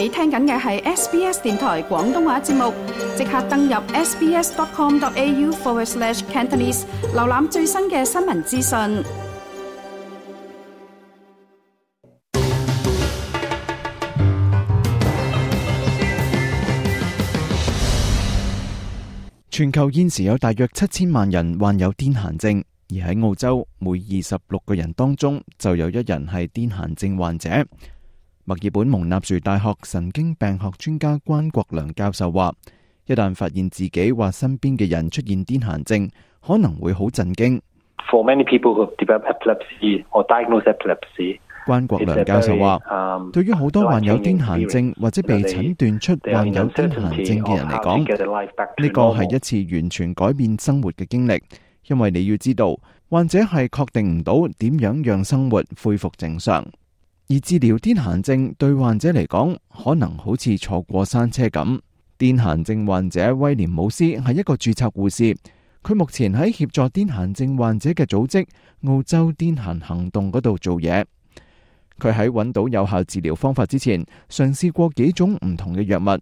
你聽緊嘅係 SBS 電台廣東話節目，即刻登入 sbs.com.au/cantonese 瀏覽最新嘅新聞資訊。全球現時有大約七千萬人患有癲癇症，而喺澳洲，每二十六個人當中就有一人係癲癇症患者。墨爾本蒙納殊大學神經病學專家關國良教授話，一旦發現自己或身邊嘅人出現癲癇症，可能會好震驚。For many people who develop epilepsy or diagnose epilepsy，關國良教授話，對於好多患有癲癇症或者被診斷出患有癲癇症嘅人嚟講，呢個係一次完全改變生活嘅經歷，因為你要知道，患者係確定唔到點樣讓生活恢復正常。而治療癲癇症對患者嚟講，可能好似坐過山車咁。癲癇症，症患者威廉姆斯係一個註冊護士，佢目前喺協助癲癇症，症患者嘅組織澳洲癲癇行動嗰度做嘢。佢喺揾到有效治療方法之前，嘗試過幾種唔同嘅藥物。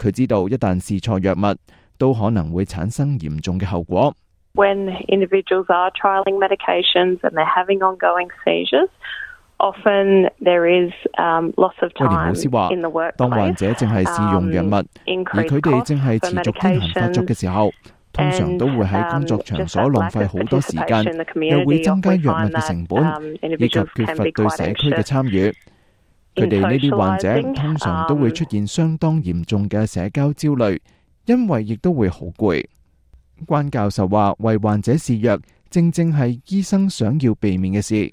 佢知道一旦試錯藥物，都可能會產生嚴重嘅後果。When individuals are trialing medications and they're having ongoing seizures. 威廉老師話，當患者正係試用藥物，而佢哋正係持續癲癇發作嘅時候，通常都會喺工作場所浪費好多時間，又會增加藥物嘅成本，以及缺乏對社區嘅參與。佢哋呢啲患者通常都會出現相當嚴重嘅社交焦慮，因為亦都會好攰。關教授話，為患者試藥，正正係醫生想要避免嘅事。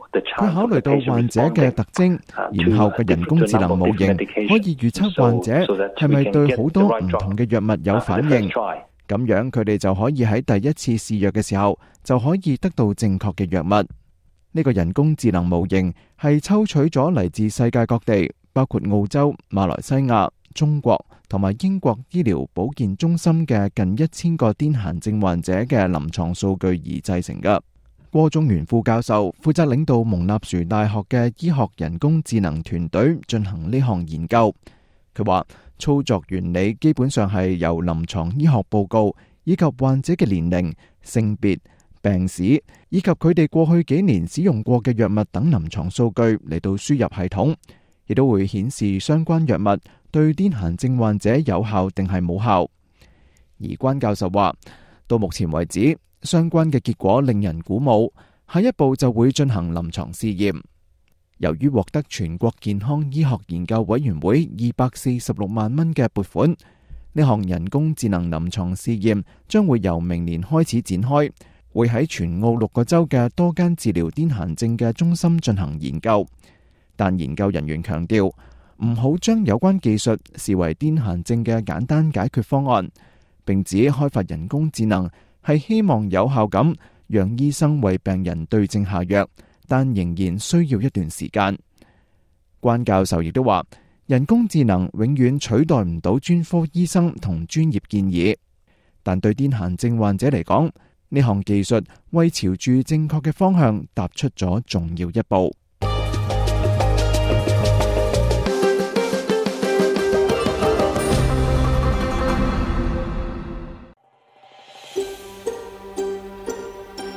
佢考慮到患者嘅特徵，然後嘅人工智能模型可以預測患者係咪對好多唔同嘅藥物有反應。咁樣佢哋就可以喺第一次試藥嘅時候就可以得到正確嘅藥物。呢個人工智能模型係抽取咗嚟自世界各地，包括澳洲、馬來西亞、中國同埋英國醫療保健中心嘅近一千個癲癇症患者嘅臨床數據而製成㗎。郭仲元副教授負責領導蒙納殊大學嘅醫學人工智能團隊進行呢項研究。佢話操作原理基本上係由臨床醫學報告以及患者嘅年齡、性別、病史以及佢哋過去幾年使用過嘅藥物等臨床數據嚟到輸入系統，亦都會顯示相關藥物對癲癇症患者有效定係冇效。而關教授話，到目前為止。相關嘅結果令人鼓舞，下一步就會進行臨床試驗。由於獲得全國健康醫學研究委員會二百四十六萬蚊嘅撥款，呢項人工智能臨床試驗將會由明年開始展開，會喺全澳六個州嘅多間治療癲癇症嘅中心進行研究。但研究人員強調，唔好將有關技術視為癲癇症嘅簡單解決方案，并指開發人工智能。係希望有效咁讓醫生為病人對症下藥，但仍然需要一段時間。關教授亦都話：人工智能永遠取代唔到專科醫生同專業建議，但對癲癇症患者嚟講，呢項技術為朝住正確嘅方向踏出咗重要一步。